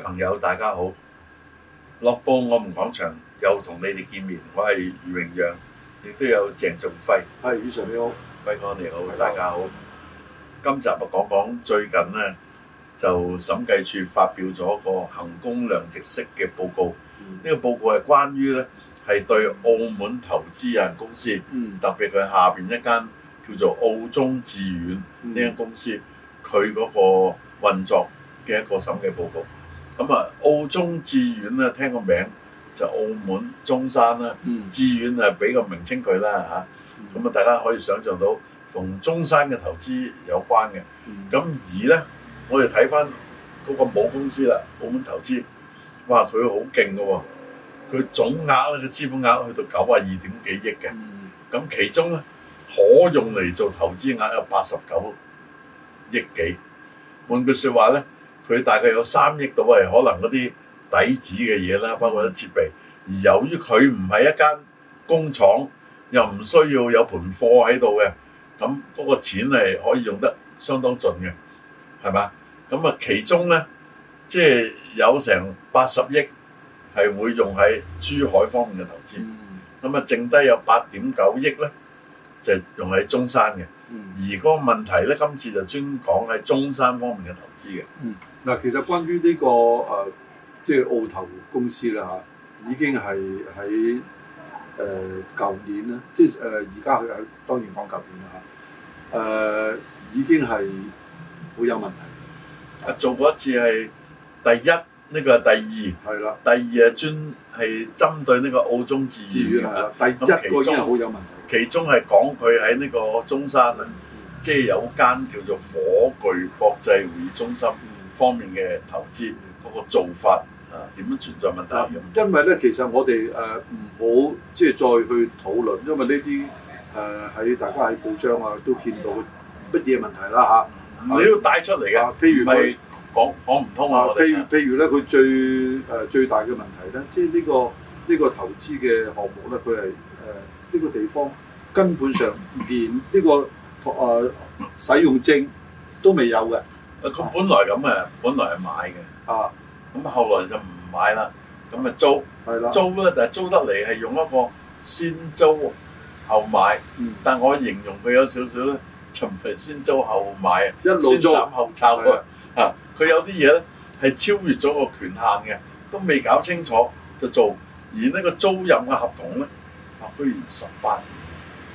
朋友，大家好！樂報，我們講場又同你哋見面，我係余榮陽，亦都有鄭仲輝。係余常你好，輝哥你好，大家好。今集啊，講講最近咧，就審計署發表咗個衡工量值式嘅報告。呢個報告係關於咧，係對澳門投資有限公司，特別佢下邊一間叫做澳中致遠呢間公司，佢嗰個運作嘅一個審計報告。咁啊，澳中致遠啦，聽個名就是，澳門中山啦，致、嗯、遠啊，俾個名稱佢啦吓，咁啊、嗯，大家可以想象到同中山嘅投資有關嘅。咁、嗯、而咧，我哋睇翻嗰個母公司啦，澳門投資，哇，佢好勁㗎喎。佢總額咧，個資本額去到九啊二點幾億嘅。咁、嗯、其中咧，可用嚟做投資額有八十九億幾。換句説話咧。佢大概有三億到係可能嗰啲底子嘅嘢啦，包括啲設備。而由於佢唔係一間工廠，又唔需要有盤貨喺度嘅，咁嗰個錢係可以用得相當盡嘅，係嘛？咁啊，其中咧，即係有成八十億係會用喺珠海方面嘅投資，咁啊、嗯，剩低有八點九億咧，就係用喺中山嘅。而嗰個問題咧，今次就專講喺中山方面嘅投資嘅。嗯，嗱，其實關於呢、這個誒、呃，即係澳投公司啦嚇，已經係喺誒舊年啦，即係誒而家係當然講舊年啦嚇，誒、呃、已經係好有問題。啊，做過一次係第一。呢個第二，係啦的。第二啊，專係針對呢個澳中治治係啦。第一個已經好有問題，其中係講佢喺呢個中山啊，即係、嗯、有間叫做火炬國際會議中心方面嘅投資嗰、那個做法啊，點樣存在問題，問題？因為咧，其實我哋誒唔好即係再去討論，因為呢啲誒喺大家喺報章啊都見到乜嘢問題啦嚇。啊你要帶出嚟嘅，譬如講講唔通啊！譬如、啊啊、譬如咧，佢最誒、呃、最大嘅問題咧，即係呢個呢、呢個投資嘅項目咧，佢係誒呢個地方根本上連呢、嗯呢個誒、啊、使用證都未有嘅。佢、啊、本來咁啊，本來係買嘅。啊，咁後來就唔買啦，咁咪租。係啦的。租咧，就係租得嚟係用一個先租後買，嗯。但我形容佢有少少咧。尋日一路 先租後買啊，一路租後抄啊，嚇佢有啲嘢咧係超越咗個權限嘅，都未搞清楚就做。而呢個租賃嘅合同咧，嚇居然十八年，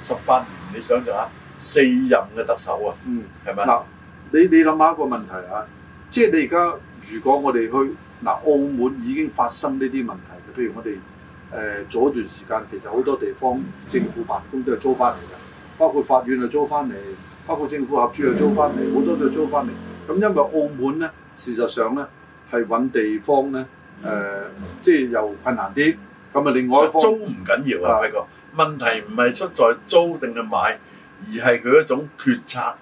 十八年你想象下，四任嘅特首啊，嗯，係咪吧？嗱、嗯，你你諗下一個問題啊，即係你而家如果我哋去嗱澳門已經發生呢啲問題，譬如我哋誒、呃、做一段時間，其實好多地方政府辦公都係租翻嚟㗎。包括法院啊租翻嚟，包括政府合租又租翻嚟，好、嗯、多都租翻嚟。咁因為澳門咧，事實上咧係搵地方咧，誒、嗯呃，即係又困難啲。咁啊、嗯，另外一方租唔緊要啊，偉哥、啊，問題唔係出在租定係買，而係佢一種決策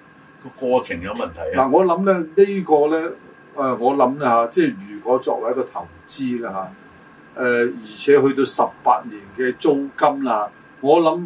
個過程有問題啊。嗱、啊，我諗咧呢、這個咧，誒、呃，我諗啦、啊、即係如果作為一個投資啦吓，誒、啊啊，而且去到十八年嘅租金啦、啊，我諗。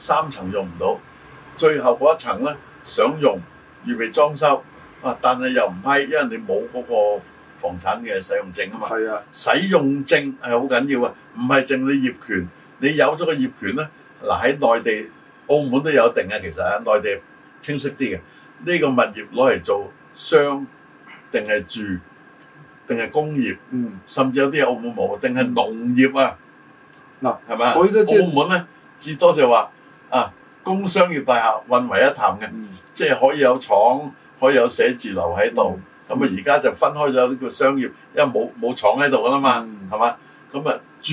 三層用唔到，最後嗰一層咧想用，預備裝修啊，但係又唔批，因為你冇嗰個房產嘅使用證啊嘛。係啊，使用證係好緊要啊，唔係淨你業權，你有咗個業權咧，嗱、啊、喺內地、澳門都有定啊，其實啊，內地清晰啲嘅，呢、呢個物業攞嚟做商定係住定係工業，嗯，甚至有啲澳門冇定係農業啊，嗱係嘛，吧所以就係、澳門咧至多就話。啊！工商業大廈混為一談嘅，嗯、即係可以有廠，可以有寫字樓喺度。咁啊、嗯，而家就分開咗呢個商業，因為冇冇廠喺度㗎啦嘛，係嘛？咁啊住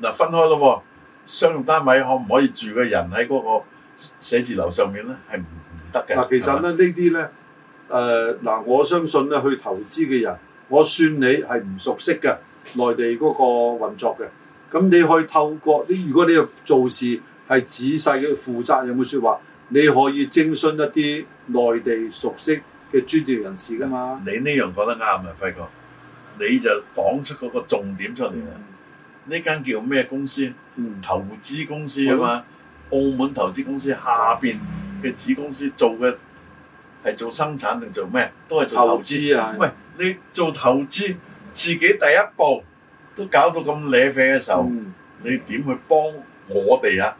嗱分開咯，商用單位可唔可以住嘅人喺嗰個寫字樓上面咧？係唔得嘅。嗱，其實咧呢啲咧，誒嗱吧、呃，我相信咧去投資嘅人，我算你係唔熟悉嘅內地嗰個運作嘅。咁你可以透過你，如果你要做事。係仔細嘅、負責任嘅説話，你可以徵詢一啲內地熟悉嘅專業人士噶嘛？你呢樣講得啱啊，輝哥，你就講出嗰個重點出嚟啦。呢間、嗯、叫咩公司？投資公司啊嘛，嗯、澳門投資公司下邊嘅子公司做嘅係做生產定做咩？都係做投資啊。資喂，是你做投資，自己第一步都搞到咁惹廢嘅時候，嗯、你點去幫我哋啊？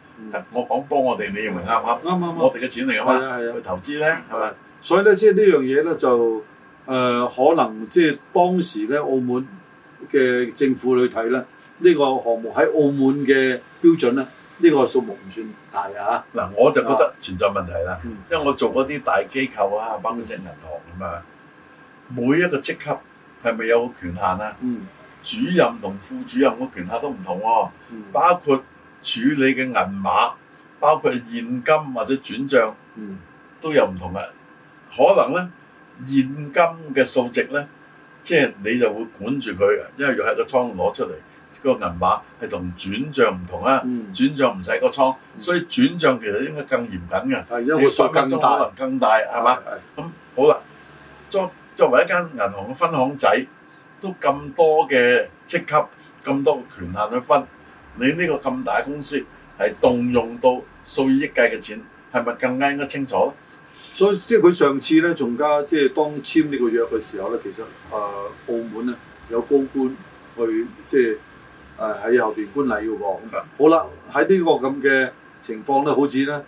我講幫我哋，你認唔認啱唔啱？啱啱啱，我哋嘅錢嚟㗎嘛，去投資咧，係咪吧？所以咧，即係呢樣嘢咧，就誒可能即係當時咧，澳門嘅政府去睇咧，呢、這個項目喺澳門嘅標準咧，呢、這個數目唔算大啊！嗱、嗯，我就覺得存在問題啦，吧因為我做嗰啲大機構啊，包括即係銀行啊嘛，每一個職級係咪有個權限啊？嗯、主任同副主任個權限都唔同喎，嗯、包括。處理嘅銀碼，包括現金或者轉帳，都有唔同嘅。可能咧現金嘅數值咧，即係你就會管住佢，因為要喺個倉攞出嚟個銀碼，係同轉帳唔同啊。嗯、轉帳唔使個倉，所以轉帳其實應該更嚴謹嘅，係因為數額可能更大，係嘛對？咁吧好啦，作作為一間銀行嘅分行仔，都咁多嘅職級，咁多嘅權限去分。你呢個咁大公司係動用到數以億計嘅錢，係咪更加應該清楚？所以即係佢上次咧，仲加即係當簽呢個約嘅時候咧，其實誒、呃、澳門咧有高官去即係誒喺後邊觀禮嘅喎的。好啦，喺呢個咁嘅情況咧，好似咧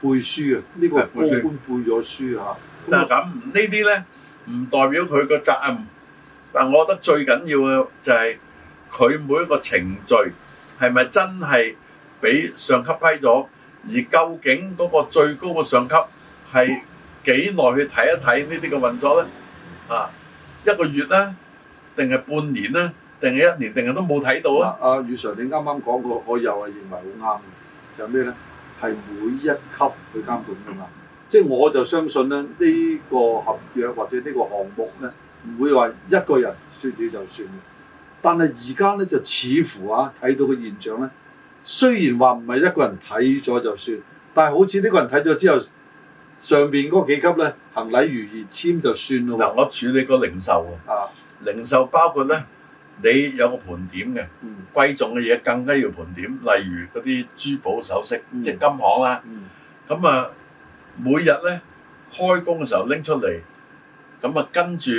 背書嘅呢、呢個係高官背咗書嚇。咁啊咁，樣那個、呢啲咧唔代表佢個責任。但係我覺得最緊要嘅就係、是。佢每一個程序係咪真係俾上級批咗？而究竟嗰個最高嘅上級係幾耐去睇一睇呢啲嘅運作咧？啊，一個月咧，定係半年咧，定係一年，定係都冇睇到啊？啊，余 Sir，你啱啱講過，我又係認為好啱嘅。就係咩咧？係每一級去監管㗎嘛。嗯、即係我就相信咧，呢個合約或者呢個項目咧，唔會話一個人說了就算了。但係而家咧就似乎啊睇到個現象咧，雖然話唔係一個人睇咗就算，但係好似呢個人睇咗之後，上邊嗰幾級咧行禮如儀簽就算咯。嗱，我處理個零售啊，啊零售包括咧，你有個盤點嘅，嗯、貴重嘅嘢更加要盤點，例如嗰啲珠寶首飾，嗯、即係金行啊。咁啊、嗯嗯嗯，每日咧開工嘅時候拎出嚟，咁啊跟住。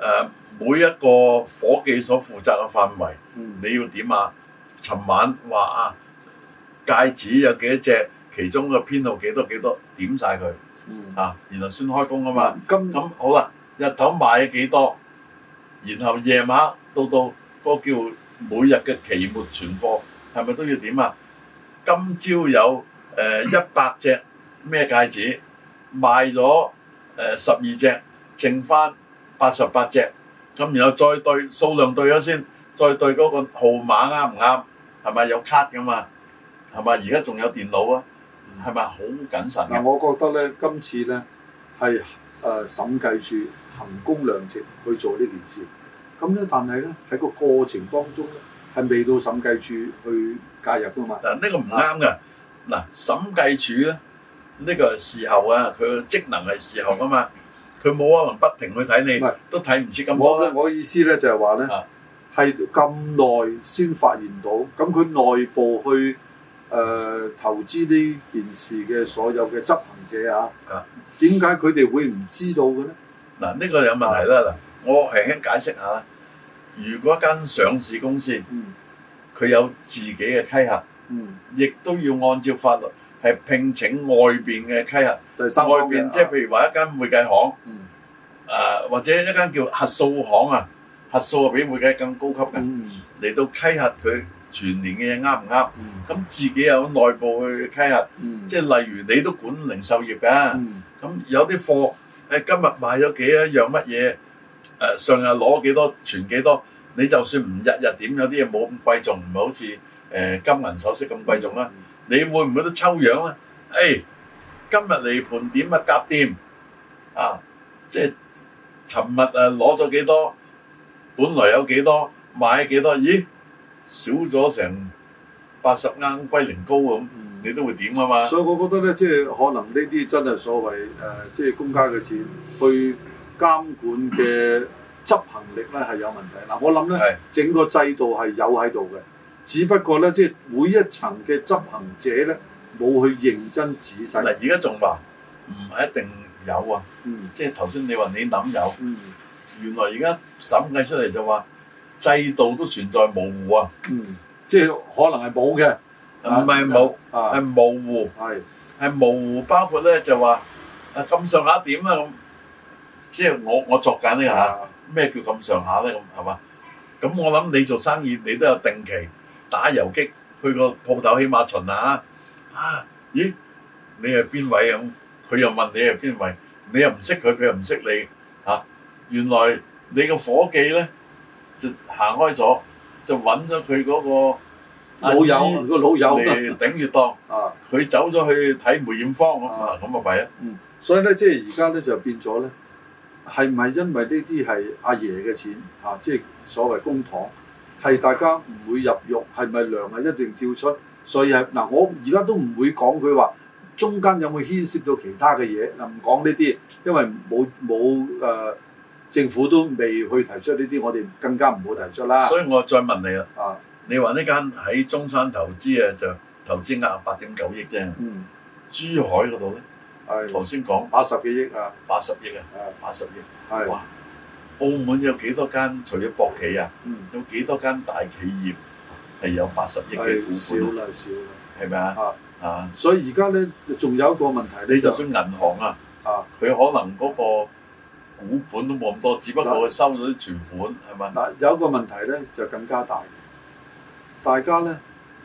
誒、呃、每一個伙計所負責嘅範圍，嗯、你要點啊？尋晚話啊，戒指有幾多隻？其中嘅編號幾多幾多？點晒佢、嗯、啊！然後先開工啊嘛。咁咁、嗯、好啦，日頭賣咗幾多？然後夜晚到到、嗰個叫每日嘅期末存貨，係咪都要點啊？今朝有誒一百隻咩戒指賣咗誒、呃、十二隻，剩返，剩八十八隻，咁然後再對數量對咗先，再對嗰個號碼啱唔啱？係咪有卡㗎嘛？係咪而家仲有電腦啊？係咪好謹慎嘅、嗯？我覺得咧，今次咧係誒審計處行功量職去做呢件事，咁咧，但係咧喺個過程當中咧係未到審計處去介入㗎嘛？嗱，啊、呢、呢個唔啱㗎。嗱，審計處咧呢個係事後啊，佢嘅職能係事後㗎嘛。嗯佢冇可能不停去睇你，是都睇唔知咁多啦。我我意思咧就係話咧，係咁耐先發現到，咁佢內部去誒、呃、投資呢件事嘅所有嘅執行者啊，點解佢哋會唔知道嘅咧？嗱、啊，呢、這個有問題啦。嗱、啊，我輕輕解釋下啦。如果間上市公司，佢、嗯、有自己嘅規限，亦、嗯、都要按照法律。係聘請外邊嘅稽核，外邊即係譬如話一間會計行，誒或者一間叫核數行啊，核數啊比會計更高級嘅，嚟到稽核佢全年嘅嘢啱唔啱？咁自己有內部去稽核，即係例如你都管零售業㗎，咁有啲貨誒今日賣咗幾多樣乜嘢？誒上日攞幾多存幾多？你就算唔日日點，有啲嘢冇咁貴重，唔係好似誒金銀首飾咁貴重啦。你會唔會得抽樣咧？誒、哎，今日嚟盤點啊，甲店啊，即係尋日啊攞咗幾多？本來有幾多買幾多？咦，少咗成八十鵪鶉龜苓膏咁，你都會點啊嘛？所以我覺得咧，即、就、係、是、可能呢啲真係所謂誒，即、呃、係、就是、公家嘅錢去監管嘅執行力咧係有問題。嗱，我諗咧是整個制度係有喺度嘅。只不過咧，即係每一層嘅執行者咧，冇去認真仔細。嗱，而家仲話唔係一定有啊。嗯、即係頭先你話你諗有。原來而家審計出嚟就話制度都存在模糊啊、嗯。即係可能係冇嘅，唔係冇，係、啊、模糊。係是，係模糊。包括咧就話啊咁上下點啊咁，即係我我作緊是的 呢下，咩叫咁上下咧咁係嘛？咁我諗你做生意你都有定期。打遊擊去個鋪頭，起碼巡下。啊，咦？你係邊位啊？佢又問你係邊位？你又唔識佢，佢又唔識你。嚇、啊！原來你個伙計咧就行開咗，就揾咗佢嗰個老友個老友嚟頂住檔。啊！佢走咗去睇梅艷芳啊！咁啊弊啊！嗯，所以咧，即係而家咧就變咗咧，係唔係因為呢啲係阿爺嘅錢啊？即係所謂公帑。係大家唔會入獄，係咪糧？啊一定照出，所以係嗱，我而家都唔會講佢話中間有冇牽涉到其他嘅嘢，唔講呢啲，因為冇冇誒政府都未去提出呢啲，我哋更加唔好提出啦。所以我再問你啦，啊，你話呢間喺中山投資啊，就投資額八點九億啫。嗯，珠海嗰度咧，頭先講八十幾億啊，八十億啊，八十億、啊、億，係。澳門有幾多間除咗博企啊？嗯，有幾多間大企業係有八十億嘅股本少啦、啊哎，少啦，係咪吧啊？啊，所以而家咧，仲有一個問題，你就算銀行啊，啊，佢可能嗰個股本都冇咁多，只不過佢收咗啲存款係咪？嗱、嗯，吧但有一個問題咧，就更加大嘅。大家咧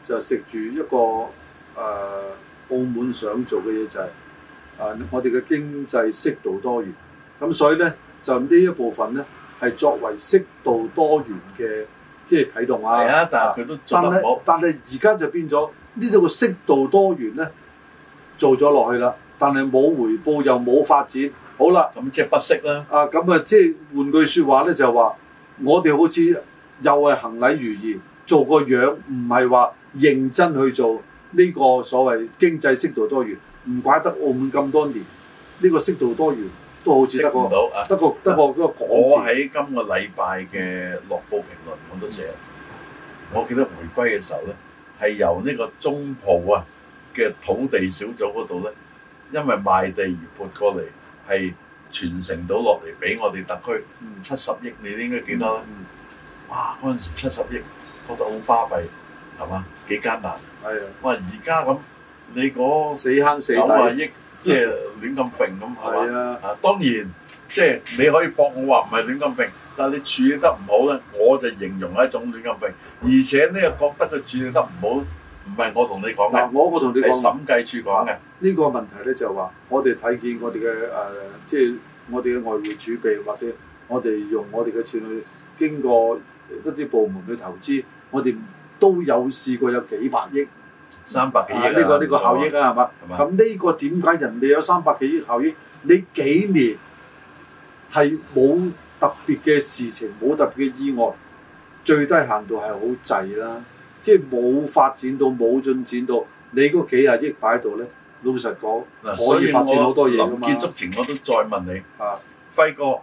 就食住一個誒、呃、澳門想做嘅嘢就係、是、誒、呃、我哋嘅經濟適度多元，咁所以咧。就呢一部分咧，係作為適度多元嘅即係啟動啊！係啊，但係佢都做得但係，但係而家就變咗呢度個適度多元咧，做咗落去啦。但係冇回報又冇發展，好啦，咁、嗯、即係不適啦。啊，咁啊，即係換句説話咧，就係話我哋好似又係行禮如儀，做個樣，唔係話認真去做呢個所謂經濟適度多元。唔怪得澳門咁多年呢、呢個適度多元。都好似得唔到啊！得個得個嗰個港紙。我喺今個禮拜嘅《樂報》評論，我都寫。我記得回歸嘅時候咧，係由呢個中葡啊嘅土地小組嗰度咧，因為賣地而撥過嚟，係傳承到落嚟俾我哋特區七十億，你應該記得啦。哇！嗰陣時七十億，覺得好巴閉，係嘛？幾艱難。係。喂，而家咁，你講九啊億？即係亂咁揈咁係嘛？就是、啊，啊當然，即、就、係、是、你可以駁我話唔係亂咁揈，但係你處理得唔好咧，我就形容一種亂咁揈，而且呢，咧覺得佢處理得唔好，唔係我同你講嘅。我會同你講。你審計處講嘅呢個問題咧，就話、是、我哋睇見我哋嘅誒，即、呃、係、就是、我哋嘅外匯儲備或者我哋用我哋嘅錢去經過一啲部門去投資，我哋都有試過有幾百億。三百幾億呢、啊啊這個呢、啊、個效益啊，係嘛吧？咁呢個點解人哋有三百幾億效益？你幾年係冇特別嘅事情，冇特別嘅意外，最低限度係好滯啦。即係冇發展到，冇進展到，你嗰幾啊億擺喺度咧，老實講，啊、可以發展好多嘢噶嘛，結束前我都再問你，啊、輝哥，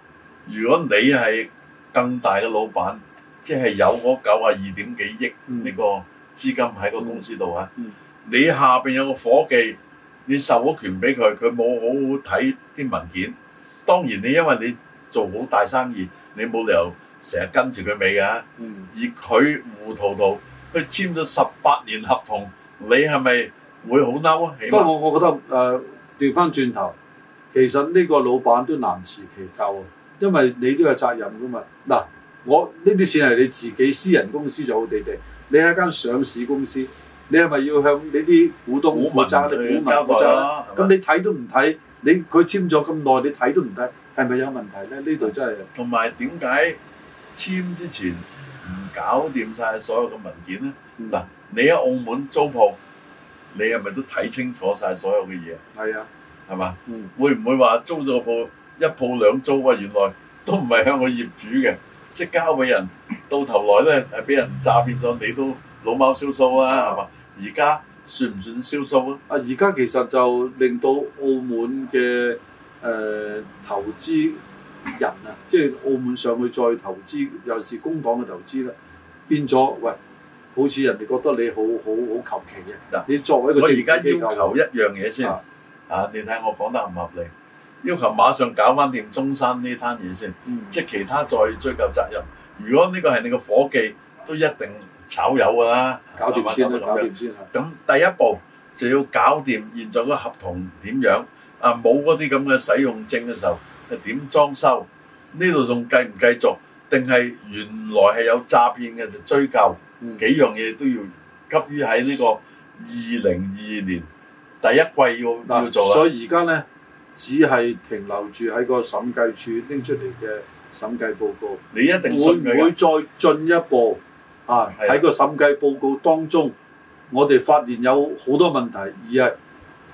如果你係更大嘅老闆，即、就、係、是、有嗰九啊二點幾億呢個？嗯嗯資金喺個公司度啊！嗯、你下邊有個伙計，你授咗權俾佢，佢冇好好睇啲文件。當然你因為你做好大生意，你冇理由成日跟住佢尾噶。啊嗯、而佢糊塗塗，佢簽咗十八年合同，你係咪會好嬲啊？起碼。不過我，我覺得誒，調翻轉頭，其實呢個老闆都難辭其咎啊，因為你都有責任噶嘛。嗱，我呢啲錢係你自己私人公司就好地地。你係間上市公司，你係咪要向你啲股東負責？啲股民，股民，股民負責咁嗎，你睇都唔睇，你佢簽咗咁耐，你睇都唔睇，係咪有問題咧？呢度真係有問題。同埋點解簽之前唔搞掂晒所有嘅文件咧？嗱、嗯，你喺澳門租鋪，你係咪都睇清楚晒所有嘅嘢？係啊，係嘛吧？嗯、會唔會話租咗個鋪一鋪兩租啊？原來都唔係向個業主嘅，即交俾人。到頭來呢，誒俾人詐騙咗，你都老貓燒鬚啦，係嘛？而家算唔算燒鬚啊？啊，而家其實就令到澳門嘅誒、呃、投資人啊，即係澳門上去再投資，又是公帑嘅投資啦，變咗，喂，好似人哋覺得你好好好求其嘅嗱。啊、你作為一個我而家要求一樣嘢先，啊,啊，你睇我講得合唔合理？要求馬上搞翻掂中山呢攤嘢先，即係、嗯、其他再追究責,責任。如果呢個係你個夥計，都一定炒魷㗎啦。搞掂先，搞掂先啦，咁第一步就要搞掂現在嗰個合同點樣啊？冇嗰啲咁嘅使用證嘅時候，係點裝修？呢度仲繼唔繼續？定係原來係有詐騙嘅就追究？幾樣嘢都要急於喺呢個二零二二年第一季要要做啦。所以而家咧，只係停留住喺個審計署拎出嚟嘅。.審計報告，你一定會唔會再進一步？的啊，喺個審計報告當中，我哋發現有好多問題，而係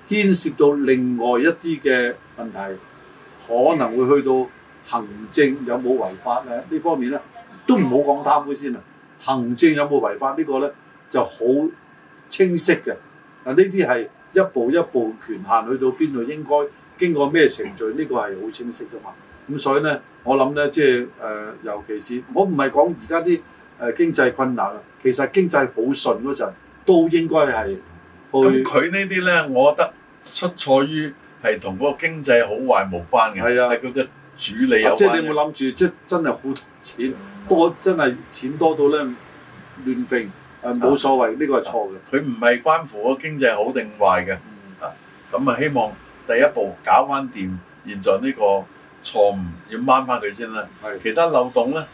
牽涉到另外一啲嘅問題，可能會去到行政有冇違法咧？呢方面咧，都唔好講貪污先啦。行政有冇違法、呢個、呢個咧，就好清晰嘅。嗱、啊，呢啲係一步一步權限去到邊度，應該經過咩程序？呢、嗯、個係好清晰噶嘛。咁、嗯、所以咧，我諗咧，即係誒，尤其是我唔係講而家啲誒經濟困難啊，其實經濟好順嗰陣，都應該係去。佢呢啲咧，我覺得出錯於係同嗰個經濟好壞無關嘅，係啊，係佢嘅主理有、啊。即係你有冇諗住，即係真係好錢、嗯、多，真係錢多到咧亂飛，誒冇所謂，呢個係錯嘅，佢唔係關乎個經濟好定壞嘅。啊，咁、嗯、啊，希望第一步搞翻掂現在呢個。錯誤要掹翻佢先啦，的其他漏洞咧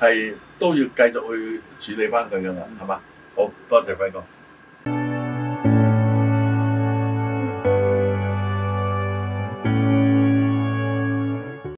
係都要繼續去處理翻佢噶啦，係嘛、嗯？好多謝輝哥。